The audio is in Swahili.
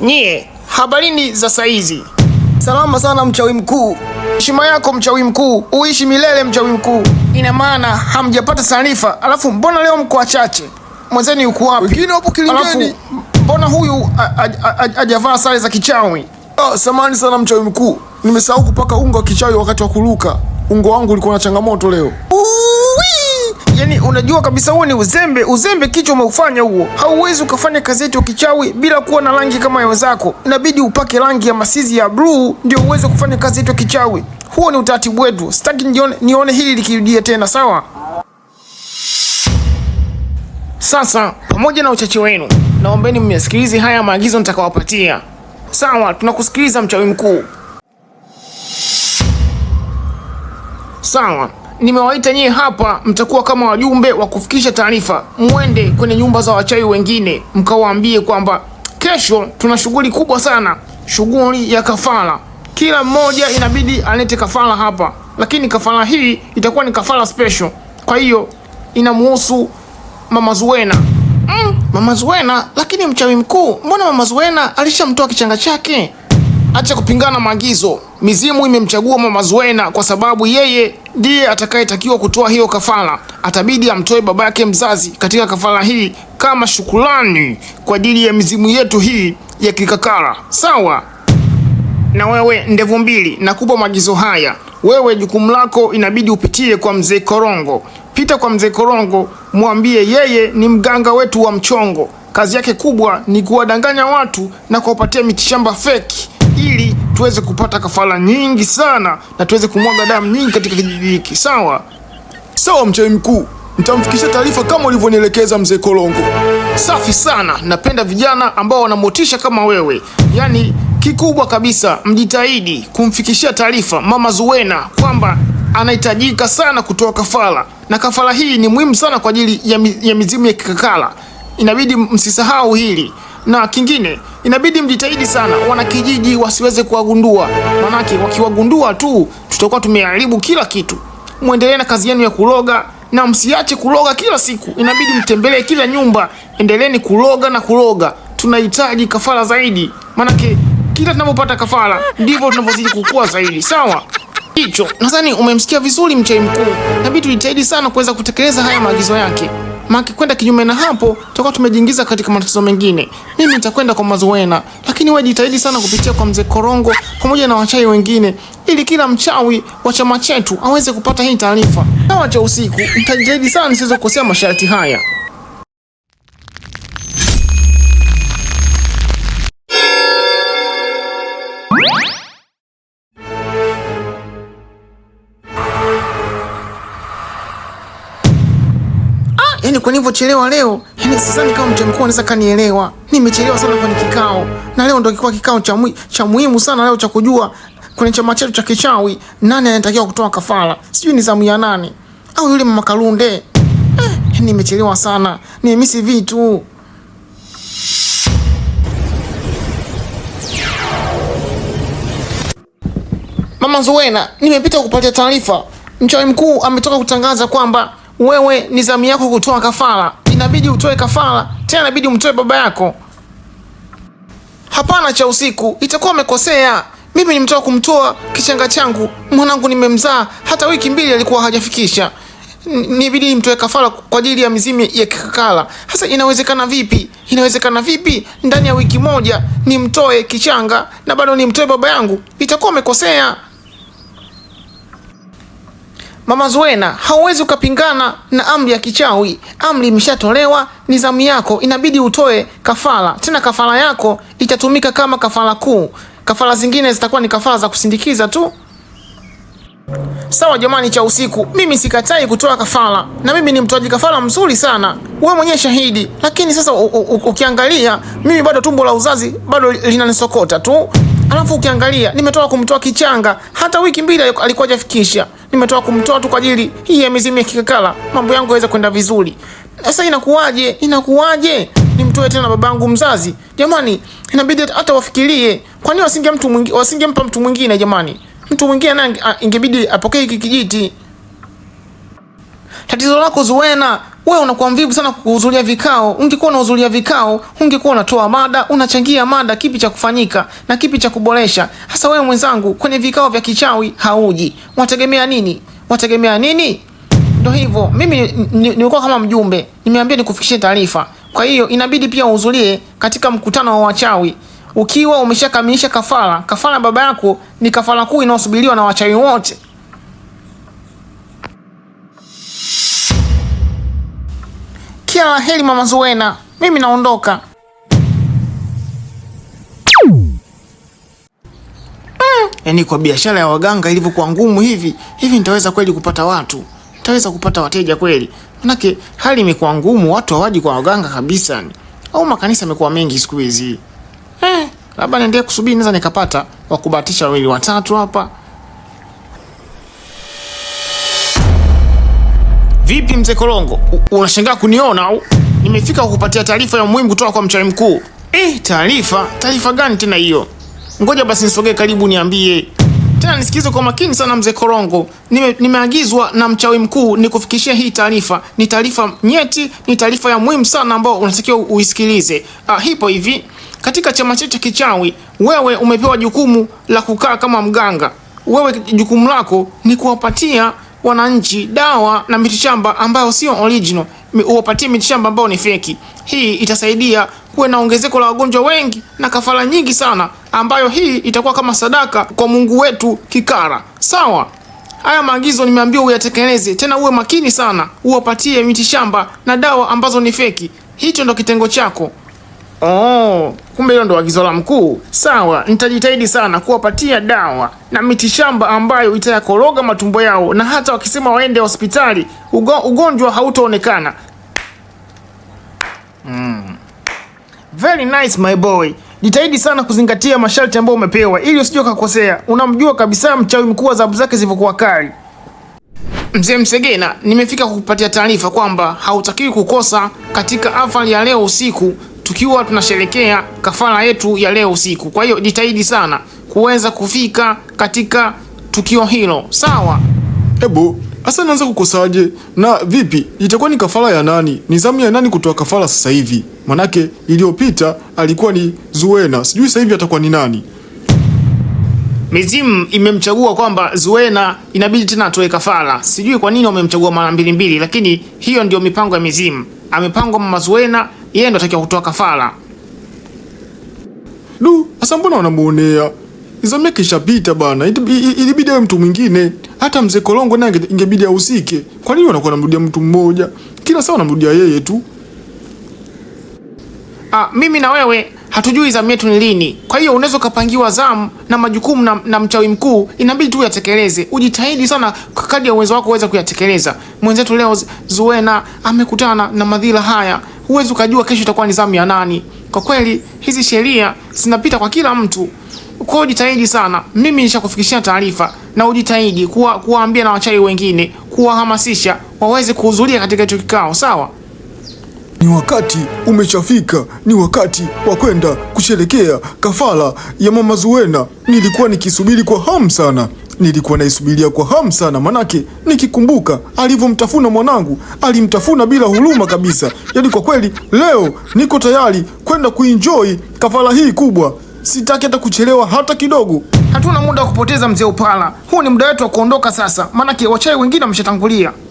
Nyie habarini za saizi? Salama sana mchawi mkuu. Heshima yako mchawi mkuu, uishi milele mchawi mkuu. Ina maana hamjapata taarifa? Alafu mbona leo mko wachache? Mwenzeni uko wapi? Wengine wapo kilingeni. Mbona huyu hajavaa sare za kichawi? Oh, ah, samani sana mchawi mkuu, nimesahau kupaka ungo wa kichawi wakati wa kuruka. Ungo wangu ulikuwa na changamoto leo yani unajua kabisa huo ni uzembe. Uzembe kichwa umeufanya huo. Hauwezi ukafanya kazi yetu kichawi bila kuwa na rangi kama ya wenzako. Inabidi upake rangi ya masizi ya blue ndio uweze kufanya kazi yetu kichawi. Huo ni utaratibu wetu. Sitaki nione, nione hili likirudia tena, sawa? Sasa pamoja na uchache wenu, naombeni mmesikilize haya maagizo nitakawapatia. Sawa, tunakusikiliza mchawi mkuu. Sawa nimewaita nyie hapa, mtakuwa kama wajumbe wa kufikisha taarifa. Mwende kwenye nyumba za wachawi wengine, mkawaambie kwamba kesho tuna shughuli kubwa sana, shughuli ya kafara. Kila mmoja inabidi alete kafara hapa, lakini kafara hii itakuwa ni kafara special, kwa hiyo inamhusu Mama Zuena. Mm, Mama Zuena, Lakini mchawi mkuu, mbona Mama Zuena alishamtoa kichanga chake? Acha kupingana maagizo. Mizimu imemchagua Mama Zuena kwa sababu yeye ndiye atakayetakiwa kutoa hiyo kafara atabidi amtoe baba yake mzazi katika kafara hii kama shukulani kwa ajili ya mizimu yetu hii ya kikakara, sawa? Na wewe ndevu mbili, nakupa maagizo haya. Wewe jukumu lako inabidi upitie kwa mzee Korongo. Pita kwa mzee Korongo, mwambie yeye ni mganga wetu wa mchongo. Kazi yake kubwa ni kuwadanganya watu na kuwapatia mitishamba feki ili tuweze kupata kafara nyingi sana na tuweze kumwaga damu nyingi katika kijiji hiki. Sawa sawa, mchawi mkuu, nitamfikishia taarifa kama ulivyonielekeza mzee Kolongo. Safi sana, napenda vijana ambao wanamotisha kama wewe. Yaani kikubwa kabisa, mjitahidi kumfikishia taarifa mama Zuwena kwamba anahitajika sana kutoa kafara, na kafara hii ni muhimu sana kwa ajili ya mizimu ya kikakala. Inabidi msisahau hili na kingine inabidi mjitahidi sana wanakijiji wasiweze kuwagundua, manake wakiwagundua tu tutakuwa tumeharibu kila kitu. Mwendelee na kazi yenu ya kuloga na msiache kuloga kila siku, inabidi mtembelee kila nyumba, endeleeni kuloga na kuloga. Tunahitaji kafara zaidi, manake kila tunapopata kafara ndivyo tunavyozidi kukua zaidi. Sawa, hicho nadhani umemsikia vizuri mchai mkuu. Inabidi tujitahidi sana kuweza kutekeleza haya maagizo yake maana kwenda kinyume na hapo tutakuwa tumejiingiza katika matatizo mengine. Mimi nitakwenda kwa Mazuena, lakini wewe jitahidi sana kupitia kwa mzee Korongo pamoja na wachawi wengine, ili kila mchawi wa chama chetu aweze kupata hii taarifa. Na wacha usiku, nitajitahidi sana nisiweze kukosea masharti haya. kwa nilivyochelewa leo, yani sidhani kama mtu mkuu anaweza kanielewa. Nimechelewa sana kwenye kikao, na leo ndo kilikuwa kikao cha cha muhimu sana leo cha kujua kwenye chama chetu cha kichawi nani anatakiwa kutoa kafara, sijui ni zamu ya nani au yule mama Kalunde. Eh, nimechelewa sana, nimemisi vitu. Mama Zuena, nimepita kupatia taarifa. Mchawi mkuu ametoka kutangaza kwamba wewe ni zamu yako kutoa kafara, inabidi utoe kafara, tena inabidi umtoe baba yako. Hapana cha usiku, itakuwa umekosea. Mimi nimetoka kumtoa kichanga changu mwanangu, nimemzaa hata wiki mbili alikuwa hajafikisha, nibidi nimtoe kafara kwa ajili ya mizimu ya kikakala. Sasa inawezekana vipi? Inawezekana vipi ndani ya wiki moja nimtoe kichanga na bado nimtoe baba yangu? Itakuwa umekosea. Mama Zuwena, hauwezi ukapingana na amri ya kichawi. Amri imeshatolewa, ni zamu yako, inabidi utoe kafara. Tena kafara yako itatumika kama kafara kuu, kafara zingine zitakuwa ni kafara za kusindikiza tu. Sawa jamani, cha usiku, mimi sikatai kutoa kafara, na mimi ni mtoaji kafara mzuri sana, wewe mwenyewe shahidi. Lakini sasa ukiangalia, mimi bado tumbo la uzazi bado linanisokota tu. Alafu ukiangalia nimetoka kumtoa kichanga, hata wiki mbili alikuwa hajafikisha. Nimetoka kumtoa tu kwa ajili hii ya mizimu ya kikakala, mambo yangu yaweze kwenda vizuri. Sasa inakuwaje? Inakuwaje nimtoe tena babangu mzazi? Jamani, inabidi hata wafikirie, kwa nini wasinge mtu mwingine, wasingempa mtu mwingine? Jamani, mtu mwingine naye ingebidi apokee hiki kijiti. Tatizo lako Zuena, wewe unakuwa mvivu sana kuhudhuria vikao. Ungekuwa unahudhuria vikao, ungekuwa unatoa mada, unachangia mada, kipi cha kufanyika na kipi cha kuboresha. Hasa wewe mwenzangu, kwenye vikao vya kichawi hauji. Wategemea nini? Wategemea nini? Ndo hivyo, mimi nilikuwa kama mjumbe, nimeambia nikufikishie taarifa. Kwa hiyo inabidi pia uhudhurie katika mkutano wa wachawi ukiwa umeshakamilisha kafara. Kafara baba yako ni kafara kuu inayosubiriwa na wachawi wote. Kila la heri mama Zuena, mimi naondoka. Hmm. Yaani kwa biashara ya waganga ilivyokuwa ngumu hivi hivi, nitaweza kweli kupata watu? Nitaweza kupata wateja kweli? Manake hali imekuwa ngumu, watu hawaji kwa waganga kabisa yaani. au makanisa yamekuwa mengi siku hizi eh. Labda niendelee kusubiri, naweza nikapata wakubatisha wawili watatu hapa, Vipi mzee Kolongo, unashangaa kuniona au? Nimefika kukupatia taarifa ya muhimu kutoka kwa mchawi mkuu. Eh, taarifa? Taarifa gani tena hiyo? Ngoja basi nisogee karibu niambie. Tena nisikize kwa makini sana mzee Kolongo. Nime, nimeagizwa na mchawi mkuu nikufikishie hii taarifa. Ni taarifa nyeti, ni taarifa ya muhimu sana ambayo unatakiwa uisikilize. Ah, hipo hivi. Katika chama chetu kichawi, wewe umepewa jukumu la kukaa kama mganga. Wewe jukumu lako ni kuwapatia wananchi dawa na mitishamba ambayo sio original, uwapatie mitishamba ambayo ni feki. Hii itasaidia kuwe na ongezeko la wagonjwa wengi na kafara nyingi sana, ambayo hii itakuwa kama sadaka kwa Mungu wetu kikara. Sawa, haya maagizo nimeambiwa uyatekeleze, tena uwe makini sana, uwapatie mitishamba na dawa ambazo ni feki. Hicho ndo kitengo chako. Oh, kumbe hilo ndo agizo la mkuu. Sawa, nitajitahidi sana kuwapatia dawa na mitishamba ambayo itayakoroga matumbo yao, na hata wakisema waende hospitali ugo, ugonjwa hautaonekana. Mm. Very nice my boy. Jitahidi sana kuzingatia masharti ambayo umepewa ili usije ukakosea. Unamjua kabisa mchawi mkuu wa adhabu zake zilivyokuwa kali. Mzee Msegena, nimefika kukupatia taarifa kwamba hautakiwi kukosa katika afali ya leo usiku tukiwa tunasherekea kafara yetu ya leo usiku. Kwa hiyo jitahidi sana kuweza kufika katika tukio hilo, sawa? Ebu asa, naanza kukosaje? Na vipi, itakuwa ni kafara ya nani? Ni zamu ya nani kutoa kafara sasa hivi? Manake iliyopita alikuwa ni Zuena, sijui sasa hivi atakuwa ni nani? Mizimu imemchagua kwamba Zuena inabidi tena atoe kafara. Sijui kwa nini wamemchagua mara mbili mbili, lakini hiyo ndio mipango ya mizimu. Amepangwa mama Zuena yeye ndo atakiwa kutoa kafara. Du, sasa mbona wanamuonea? Zamu kishapita bana, ilibidi awe mtu mwingine. Hata mzee Kolongo naye ingebidi ahusike. Kwa nini wanakuwa wanamrudia mtu mmoja? Kila saa wanamrudia yeye tu. Ah, mimi na wewe hatujui zamu yetu ni lini. Kwa hiyo unaweza ukapangiwa zamu na majukumu na, na mchawi mkuu, inabidi tu uyatekeleze. Ujitahidi sana kadri ya uwezo wako uweze kuyatekeleza. Mwenzetu leo Zuena amekutana na madhila haya huwezi ukajua kesho itakuwa ni zamu ya nani. Kwa kweli hizi sheria zinapita kwa kila mtu. Kwa ujitahidi sana, mimi nishakufikishia taarifa, na ujitahidi kuwa kuwaambia na wachawi wengine, kuwahamasisha waweze kuhudhuria katika hicho kikao, sawa? Ni wakati umeshafika, ni wakati wa kwenda kusherekea kafara ya mama Zuwena. Nilikuwa nikisubiri kwa hamu sana nilikuwa naisubiria kwa hamu sana, manake nikikumbuka alivyomtafuna mwanangu, alimtafuna bila huruma kabisa. Yaani kwa kweli leo niko tayari kwenda kuenjoy kafara hii kubwa, sitaki hata kuchelewa hata kidogo. Hatuna muda wa kupoteza mzee Upala, huu ni muda wetu wa kuondoka sasa, manake wachai wengine wameshatangulia.